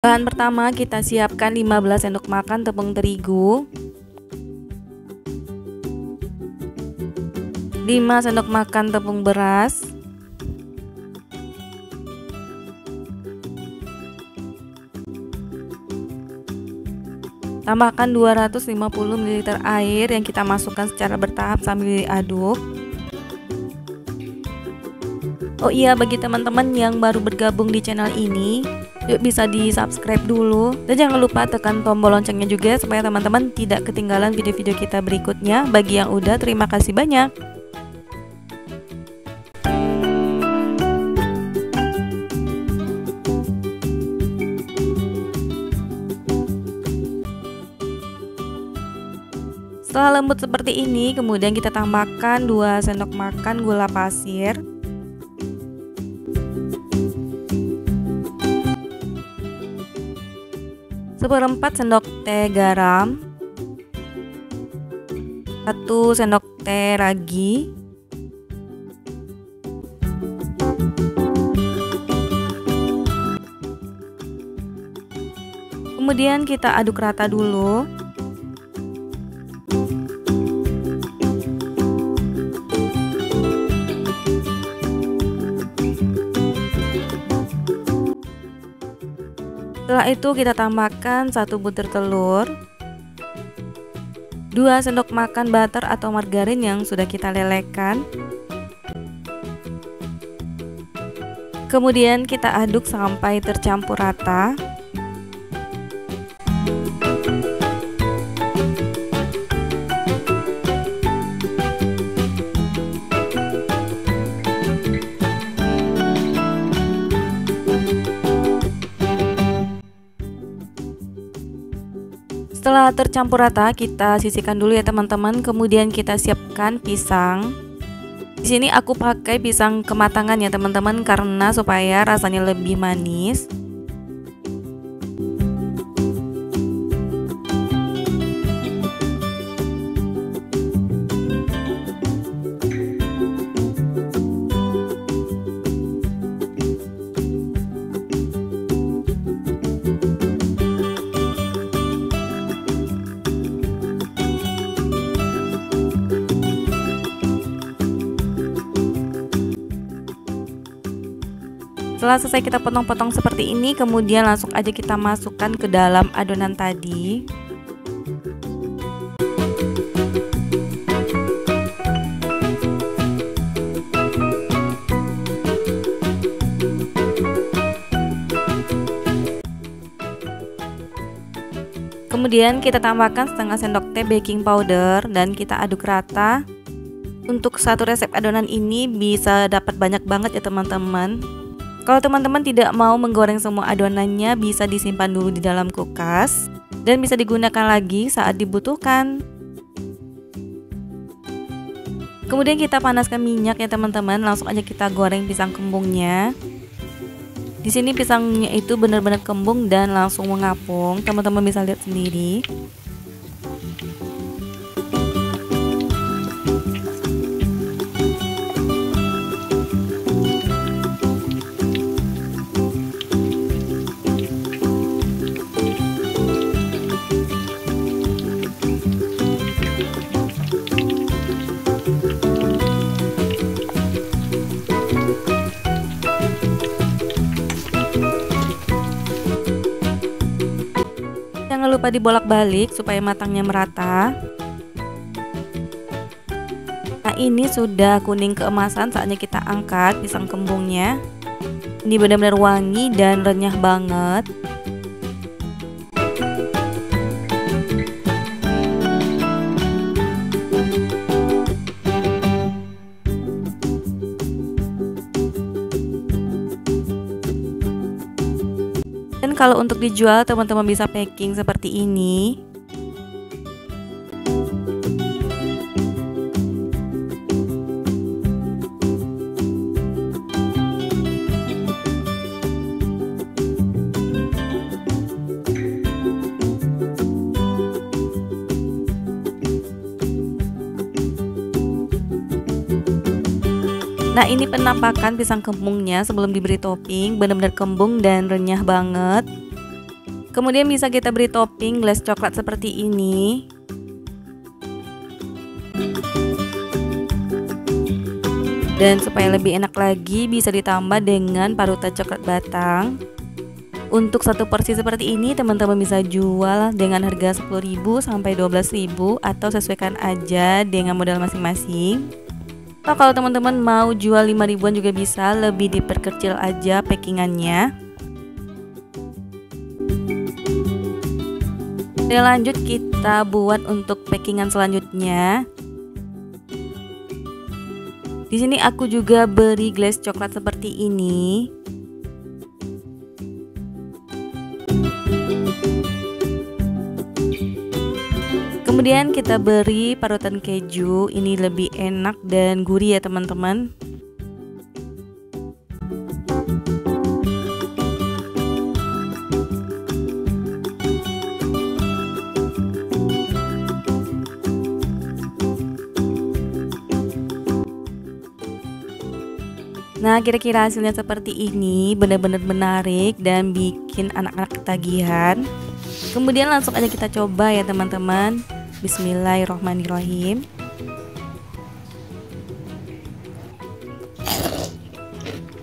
Bahan pertama kita siapkan 15 sendok makan tepung terigu 5 sendok makan tepung beras 250 ml air yang kita masukkan secara bertahap sambil diaduk Oh iya bagi teman-teman yang baru bergabung di channel ini Yuk bisa di subscribe dulu Dan jangan lupa tekan tombol loncengnya juga Supaya teman-teman tidak ketinggalan video-video kita berikutnya Bagi yang udah terima kasih banyak Setelah lembut seperti ini, kemudian kita tambahkan 2 sendok makan gula pasir seperempat sendok teh garam satu sendok teh ragi Kemudian kita aduk rata dulu Setelah itu kita tambahkan satu butir telur 2 sendok makan butter atau margarin yang sudah kita lelekan. Kemudian kita aduk sampai tercampur rata Setelah tercampur rata, kita sisihkan dulu ya teman-teman. Kemudian kita siapkan pisang. Di sini aku pakai pisang kematangan ya teman-teman karena supaya rasanya lebih manis. Setelah selesai kita potong-potong seperti ini, kemudian langsung aja kita masukkan ke dalam adonan tadi. Kemudian kita tambahkan setengah sendok teh baking powder dan kita aduk rata. Untuk satu resep adonan ini bisa dapat banyak banget ya teman-teman. Kalau teman-teman tidak mau menggoreng semua adonannya, bisa disimpan dulu di dalam kulkas dan bisa digunakan lagi saat dibutuhkan. Kemudian kita panaskan minyak ya teman-teman, langsung aja kita goreng pisang kembungnya. Di sini pisangnya itu benar-benar kembung dan langsung mengapung. Teman-teman bisa lihat sendiri. lupa dibolak-balik supaya matangnya merata Nah ini sudah kuning keemasan saatnya kita angkat pisang kembungnya Ini benar-benar wangi dan renyah banget kalau untuk dijual teman-teman bisa packing seperti ini Nah ini penampakan pisang kembungnya sebelum diberi topping benar-benar kembung dan renyah banget Kemudian bisa kita beri topping glass coklat seperti ini dan supaya lebih enak lagi bisa ditambah dengan parutan coklat batang untuk satu porsi seperti ini teman-teman bisa jual dengan harga 10.000 sampai 12.000 atau sesuaikan aja dengan modal masing-masing atau kalau teman-teman mau jual 5 ribuan juga bisa lebih diperkecil aja packingannya dan lanjut kita buat untuk packingan selanjutnya di sini aku juga beri glass coklat seperti ini Kemudian kita beri parutan keju, ini lebih enak dan gurih ya teman-teman. Nah, kira-kira hasilnya seperti ini benar-benar menarik dan bikin anak-anak ketagihan. Kemudian langsung aja kita coba ya, teman-teman. Bismillahirrahmanirrahim.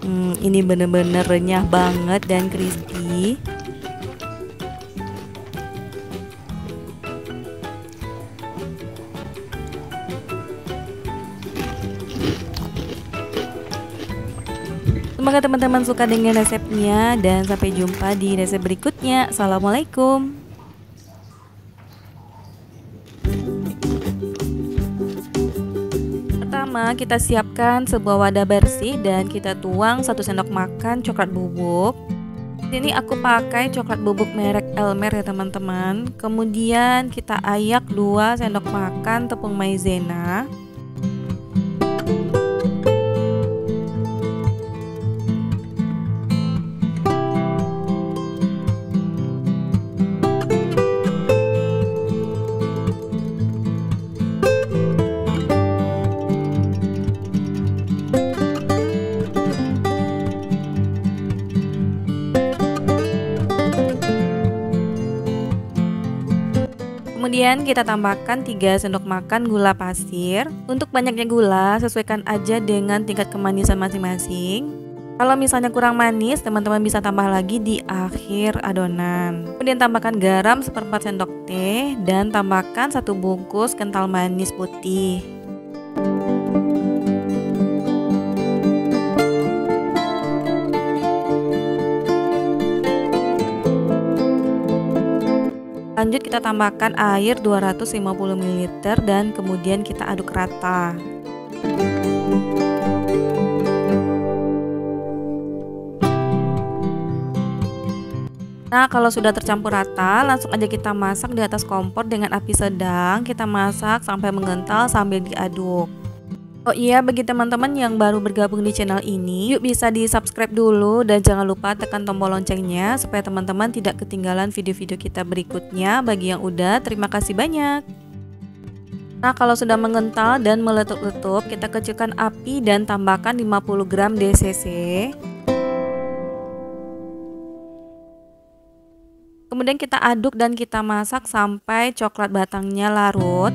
Hmm, ini bener-bener renyah banget dan crispy. Semoga teman-teman suka dengan resepnya dan sampai jumpa di resep berikutnya. Assalamualaikum. Pertama, kita siapkan sebuah wadah bersih dan kita tuang satu sendok makan coklat bubuk. Ini aku pakai coklat bubuk merek Elmer ya teman-teman. Kemudian kita ayak dua sendok makan tepung maizena. Kemudian kita tambahkan 3 sendok makan gula pasir. Untuk banyaknya gula, sesuaikan aja dengan tingkat kemanisan masing-masing. Kalau misalnya kurang manis, teman-teman bisa tambah lagi di akhir adonan. Kemudian tambahkan garam seperempat sendok teh dan tambahkan satu bungkus kental manis putih. Lanjut kita tambahkan air 250 ml dan kemudian kita aduk rata. Nah, kalau sudah tercampur rata, langsung aja kita masak di atas kompor dengan api sedang. Kita masak sampai mengental sambil diaduk. Oh iya, bagi teman-teman yang baru bergabung di channel ini, yuk bisa di subscribe dulu dan jangan lupa tekan tombol loncengnya supaya teman-teman tidak ketinggalan video-video kita berikutnya. Bagi yang udah, terima kasih banyak. Nah, kalau sudah mengental dan meletup-letup, kita kecilkan api dan tambahkan 50 gram DCC. Kemudian kita aduk dan kita masak sampai coklat batangnya larut.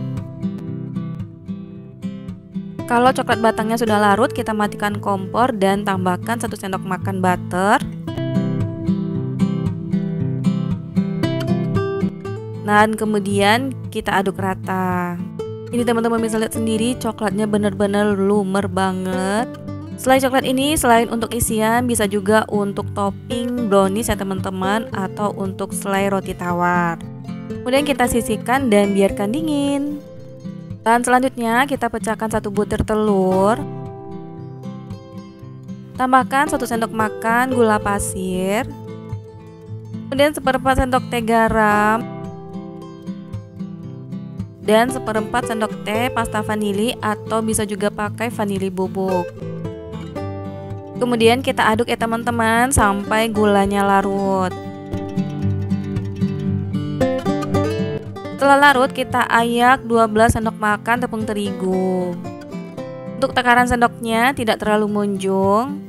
Kalau coklat batangnya sudah larut, kita matikan kompor dan tambahkan 1 sendok makan butter. Nah, dan kemudian kita aduk rata. Ini teman-teman bisa lihat sendiri coklatnya benar-benar lumer banget. Selain coklat ini, selain untuk isian bisa juga untuk topping brownies ya teman-teman atau untuk selai roti tawar. Kemudian kita sisihkan dan biarkan dingin. Dan selanjutnya kita pecahkan satu butir telur Tambahkan satu sendok makan gula pasir Kemudian seperempat sendok teh garam Dan seperempat sendok teh pasta vanili atau bisa juga pakai vanili bubuk Kemudian kita aduk ya teman-teman sampai gulanya larut Setelah larut, kita ayak 12 sendok makan tepung terigu. Untuk takaran sendoknya tidak terlalu munjung.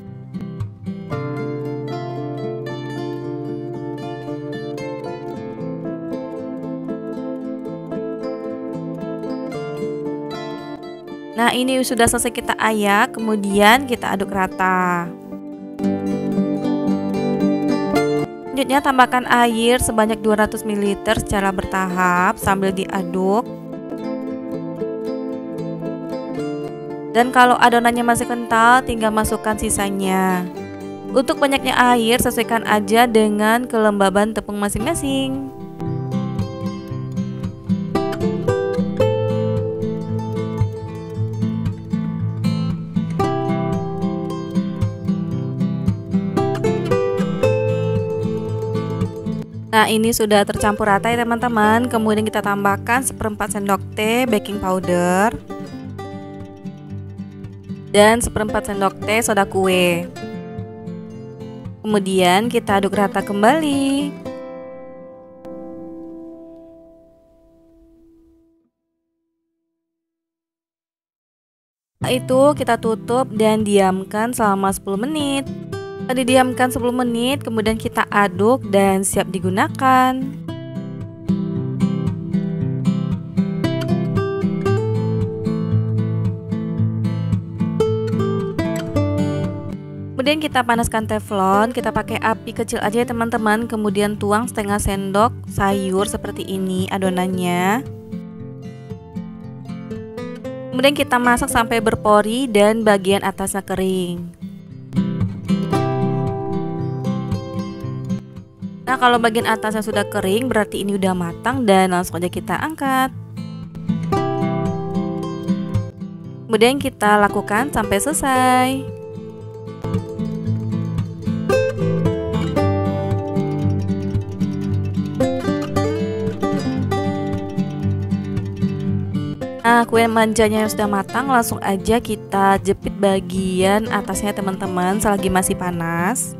Nah, ini sudah selesai kita ayak, kemudian kita aduk rata. Selanjutnya tambahkan air sebanyak 200 ml secara bertahap sambil diaduk. Dan kalau adonannya masih kental, tinggal masukkan sisanya. Untuk banyaknya air, sesuaikan aja dengan kelembaban tepung masing-masing. Nah ini sudah tercampur rata ya teman-teman Kemudian kita tambahkan seperempat sendok teh baking powder Dan seperempat sendok teh soda kue Kemudian kita aduk rata kembali Setelah itu kita tutup dan diamkan selama 10 menit Didiamkan 10 menit, kemudian kita aduk dan siap digunakan. Kemudian kita panaskan teflon, kita pakai api kecil aja ya teman-teman Kemudian tuang setengah sendok sayur seperti ini adonannya Kemudian kita masak sampai berpori dan bagian atasnya kering Nah kalau bagian atasnya sudah kering berarti ini udah matang dan langsung aja kita angkat Kemudian kita lakukan sampai selesai Nah kue manjanya yang sudah matang langsung aja kita jepit bagian atasnya teman-teman selagi masih panas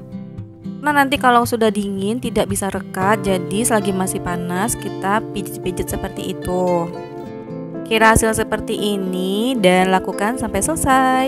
karena nanti kalau sudah dingin tidak bisa rekat, jadi selagi masih panas kita pijit-pijit seperti itu. Kira hasil seperti ini dan lakukan sampai selesai.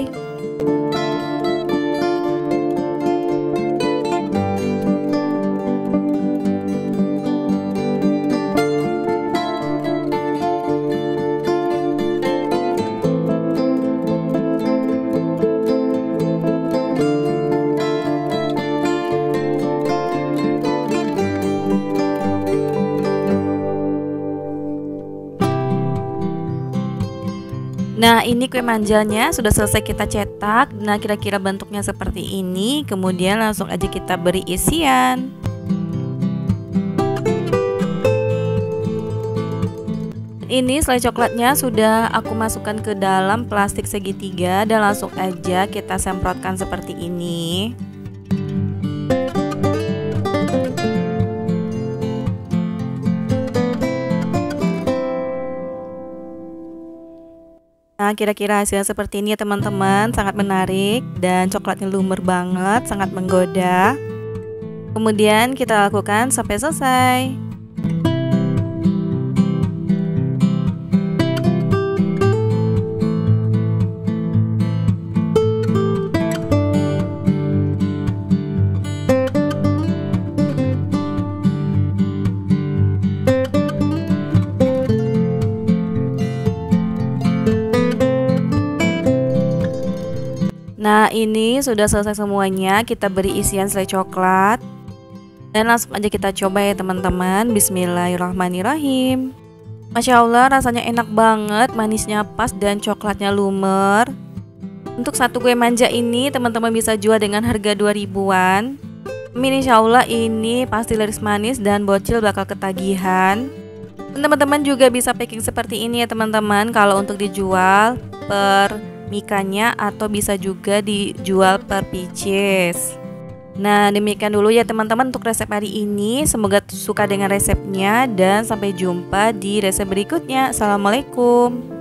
Nah, ini kue manjanya sudah selesai kita cetak. Nah, kira-kira bentuknya seperti ini. Kemudian langsung aja kita beri isian. Ini selai coklatnya sudah aku masukkan ke dalam plastik segitiga dan langsung aja kita semprotkan seperti ini. kira-kira hasilnya seperti ini ya teman-teman Sangat menarik dan coklatnya lumer banget, sangat menggoda Kemudian kita lakukan sampai selesai ini sudah selesai semuanya Kita beri isian selai coklat Dan langsung aja kita coba ya teman-teman Bismillahirrahmanirrahim Masya Allah rasanya enak banget Manisnya pas dan coklatnya lumer Untuk satu kue manja ini teman-teman bisa jual dengan harga 2000an Amin insya Allah ini pasti laris manis dan bocil bakal ketagihan Teman-teman juga bisa packing seperti ini ya teman-teman Kalau untuk dijual per mikanya atau bisa juga dijual per pieces. Nah, demikian dulu ya teman-teman untuk resep hari ini. Semoga suka dengan resepnya dan sampai jumpa di resep berikutnya. Assalamualaikum.